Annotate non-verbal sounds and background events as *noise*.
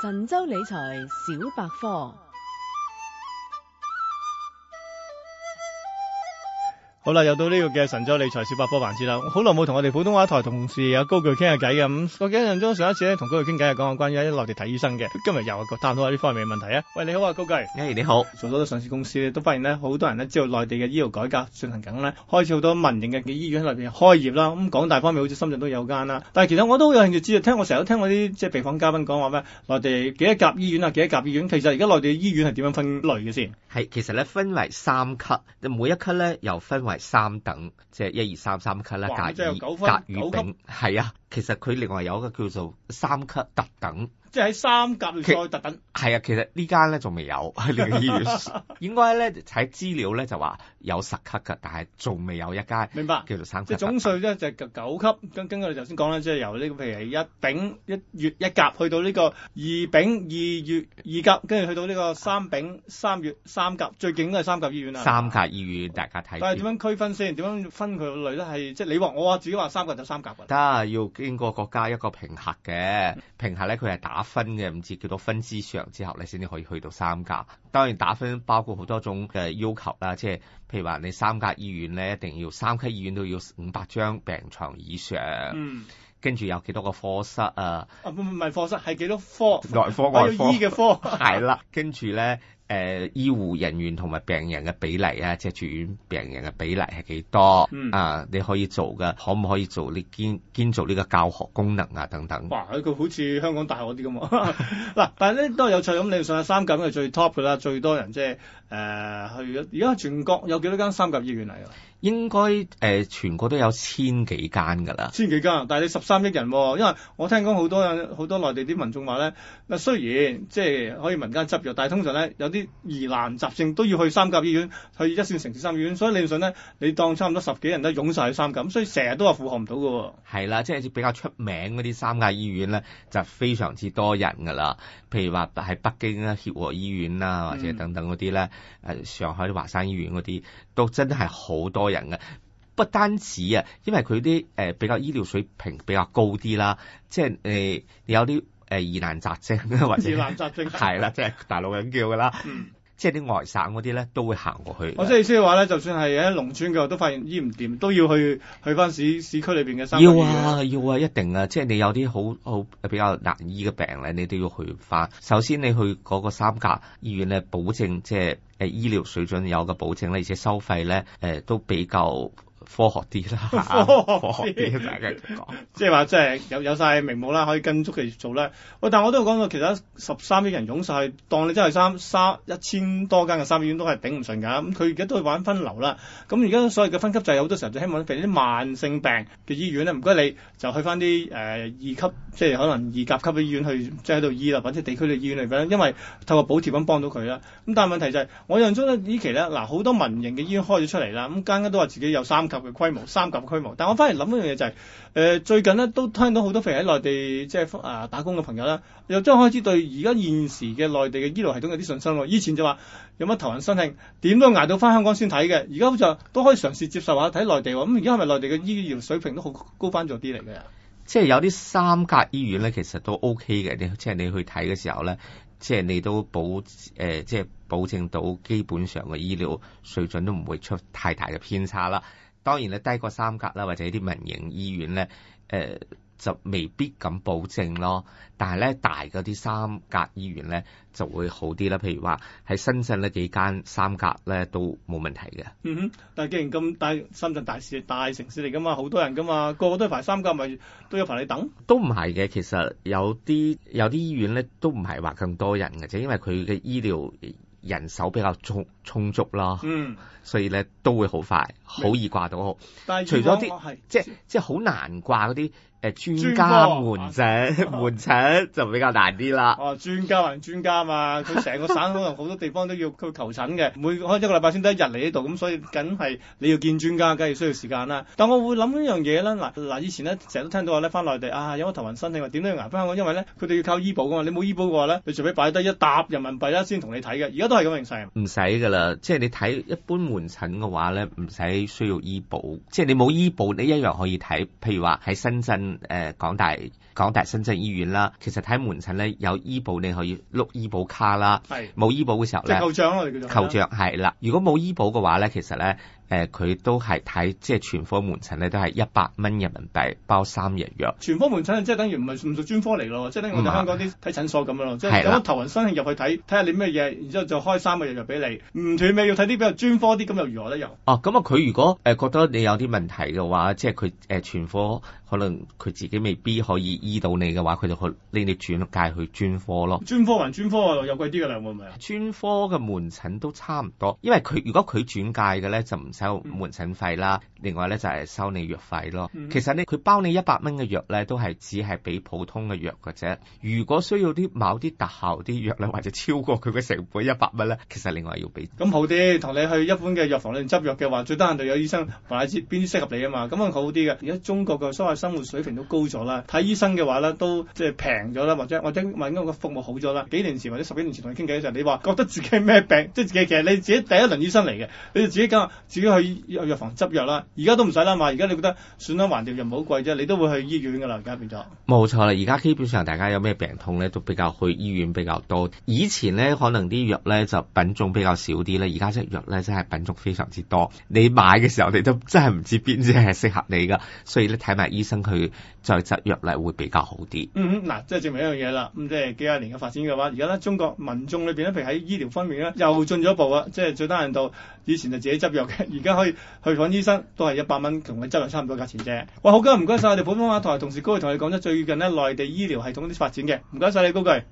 神州理財小百科。好啦，又到呢、這個嘅神州理財小百科環節啦。好耐冇同我哋普通話台同事阿高炬傾下偈嘅，咁過咗一上一次咧同高炬傾偈係講下關於喺內地睇醫生嘅，今日又係探討下呢方面嘅問題啊。喂，你好啊，高炬。誒，hey, 你好。做多上市公司都發現呢，好多人呢，知道內地嘅醫療改革進行緊咧，開始好多民營嘅嘅醫院喺內地開業啦。咁港大方面，好似深圳都有間啦。但係其實我都有興趣知道，聽我成日都聽我啲即係病房嘉賓講話咩，內地幾多甲醫院啊，幾多甲醫院？其實而家內地嘅醫院係點樣分類嘅先？係，其實呢，分爲三級，每一級呢，又分爲。三等即係一二三三級啦，甲乙甲乙丙係啊。其實佢另外有一個叫做三級特等。即係喺三甲再特等，係啊，其實呢間咧仲未有呢 *laughs* 個醫院應該呢，應該咧睇資料咧就話有十級嘅，但係仲未有一間。明白，叫做三級。即係總數咧就九級，跟跟佢哋頭先講啦，即係由呢譬如一丙一乙一甲去到呢個二丙二乙二甲，跟住去到呢個三丙三乙三甲，最勁都係三甲醫院啦。三甲醫院大家睇，但係點樣區分先？點樣分佢類咧？係即係你話我話自己話三甲就三甲得，要經過國家一個評核嘅評核咧，佢係打。分嘅唔知幾多分之上，之後咧先至可以去到三甲。當然打分包括好多種嘅要求啦，即係譬如話你三甲醫院咧，一定要三級醫院都要五百張病床以上。嗯，跟住有幾多個科室啊？啊，唔唔係科室，係幾多科？內科、外科嘅科。係啦，跟住咧。誒、呃、醫護人員同埋病人嘅比例啊，即係住院病人嘅比例係幾多、嗯、啊？你可以做嘅，可唔可以做？你兼兼做呢個教學功能啊，等等。哇！佢好似香港大學啲咁啊！嗱， *laughs* 但係呢都係有趣。咁你上咗三甲嘅最 top 啦，最多人即係誒去。而、呃、家全國有幾多間三甲醫院嚟㗎？應該誒、呃、全國都有千幾間㗎啦，千幾間，但係你十三億人、哦，因為我聽講好多好多內地啲民眾話咧，嗱雖然即係可以民間執藥，但係通常咧有啲疑難雜症都要去三甲醫院，去一線城市三甲醫院，所以你唔信咧，你當差唔多十幾人都擁晒去三甲，所以成日都話負荷唔到㗎。係啦、啊，即、就、係、是、比較出名嗰啲三甲醫院咧，就非常之多人㗎啦。譬如話喺北京咧協和醫院啦、啊，或者等等嗰啲咧，誒、嗯、上海華山醫院嗰啲，都真係好多。個人啊，不單止啊，因為佢啲誒、比較醫療水平比較高啲啦，即係誒、你有啲誒、疑難雜症或者疑難雜症係 *laughs* 啦，即係大陸人叫噶啦。嗯。即係啲外省嗰啲咧，都會行過去。我、 *noise* 哦、即係意思嘅話咧，就算係喺農村嘅，都發現醫唔掂，都要去去翻市市區裏邊嘅三甲醫院。要啊，要啊，一定啊！即係你有啲好好比較難醫嘅病咧，你都要去翻。首先你去嗰個三甲醫院咧，保證即係誒醫療水準有嘅保證咧，而且收費咧誒、呃、都比較。科學啲啦， *laughs* 科學啲 D 學 *laughs* 大家講 *laughs* 即係話即係有有曬名目啦，可以跟足嚟做啦。喂，但係我都有講過，其他十三億人湧晒，當你真係三三一千多間嘅三甲醫院都係頂唔順㗎。咁佢而家都係玩分流啦。咁而家所謂嘅分級就係好多時候就希望譬如啲慢性病嘅醫院咧，唔該你就去翻啲誒二級，即係可能二甲級嘅醫院去即係喺度醫啦，或者地區嘅醫院嚟揀，因為透過補貼咁幫到佢啦。咁但係問題就係、是，我印象中咧呢期咧，嗱，好多民營嘅醫院開咗出嚟啦，咁間間都話自己有三級嘅規模，三級嘅規模，模，但我反而諗一樣嘢就係、是，誒、呃、最近呢都聽到好多譬如喺內地即係啊打工嘅朋友啦，又將開始對而家現時嘅內地嘅醫療系統有啲信心咯。以前就話有乜頭暈身慶，點都捱到翻香港先睇嘅，而家好似都可以嘗試接受下睇內地喎。咁而家係咪內地嘅醫療水平都好高翻咗啲嚟嘅？即係有啲三甲醫院咧，其實都 OK 嘅。你即係你去睇嘅時候咧，即係你都保誒、呃，即係保證到基本上嘅醫療水準都唔會出太大嘅偏差啦。當然咧，低過三甲啦，或者啲民營醫院咧，誒、呃、就未必咁保證咯。但係咧，大嗰啲三甲醫院咧就會好啲啦。譬如話喺深圳呢，幾間三甲咧都冇問題嘅。嗯哼，但係既然咁大深圳大市、大城市嚟噶嘛，好多人噶嘛，個個都係排三甲，咪都有排你等？都唔係嘅，其實有啲有啲醫院咧，都唔係話咁多人嘅，就因為佢嘅醫療。人手比較充充足咯，嗯、所以咧都會好快，嗯、易好易掛到號。但係除咗啲是即係先即係好難掛嗰啲。誒，專家門診、啊、門診就比較難啲啦、啊。哦，專家還專家嘛，佢成 *laughs* 個省可能好多地方都要去求診嘅， *laughs* 每開一個禮拜先得一日嚟呢度，咁所以梗係你要見專家，梗係需要時間啦。但我會諗一樣嘢啦。嗱、啊、嗱，以前咧成日都聽到話咧，翻內地啊，有乜頭暈身痛，點都要挨翻我，因為咧佢哋要靠醫保噶嘛，你冇醫保嘅話咧，你除非擺低一沓人民幣啦，先同、就是、你睇嘅。而家都係咁形勢，唔使噶啦，即係你睇一般門診嘅話咧，唔使需要醫保，即、就、係、是、你冇醫保，你一樣可以睇。譬如話喺深圳。誒、呃，港大港大深圳醫院啦，其實睇門診咧有醫保，你可以碌醫保卡啦。係冇醫保嘅時候咧，扣賬咯，扣賬係啦。如果冇醫保嘅話咧，其實咧誒，佢、呃、都係睇即係全科門診咧，都係一百蚊人民幣包三日藥。全科門診即係等於唔係唔屬專科嚟咯，即係等於我哋香港啲睇診所咁樣咯，即係有咗頭暈身氣入去睇睇下你咩嘢，然之後就開三日藥俾你，唔斷尾要睇啲比較專科啲咁又如何咧？又啊，啊，咁、嗯、あ啊，佢如果誒覺得你有啲問題嘅話，即係佢誒全科。可能佢自己未必可以醫到你嘅話，佢就去拎你轉介去專科咯。專科還專科啊，又貴啲嘅啦，會唔會啊？專科嘅門診都差唔多，因為佢如果佢轉介嘅咧，就唔收門診費啦。嗯、另外咧就係收你藥費咯。嗯、其實咧佢包你一百蚊嘅藥咧，都係只係俾普通嘅藥，或者如果需要啲某啲特效啲藥咧，或者超過佢嘅成本一百蚊咧，其實另外要俾。咁好啲，同你去一般嘅藥房裏面執藥嘅話，最低限度就有醫生話知邊啲適合你啊嘛。咁啊好啲嘅。而家中國嘅所以。生活水平都高咗啦，睇醫生嘅話咧都即係平咗啦，或者或者揾到個服務好咗啦。幾年前或者十幾年前同你傾偈嘅時候，你話覺得自己咩病，即係其實你自己第一輪醫生嚟嘅，你自己家自己去藥房執藥啦。而家都唔使啦嘛，而家你覺得算啦，橫掂又唔好貴啫，你都會去醫院噶啦，而家變咗。冇錯啦，而家基本上大家有咩病痛咧，都比較去醫院比較多。以前咧可能啲藥咧就品種比較少啲咧，而家啲藥咧真係品種非常之多。你買嘅時候，你都真係唔知邊啲係適合你噶，所以咧睇埋醫生。生佢再執藥嚟，會比較好啲。嗯嗱，即係證明一樣嘢啦。咁即係幾廿年嘅發展嘅話，而家咧，中國民眾裏邊咧，譬如喺醫療方面咧，又進咗一步啊。即係最低限度，以前就自己執藥嘅，而家可以去搵醫生，都係一百蚊，同佢執藥差唔多價錢啫。哇，好嘅，唔該晒。我哋普通話台同事高炬同你講咗最近咧內地醫療系統啲發展嘅，唔該晒你高炬。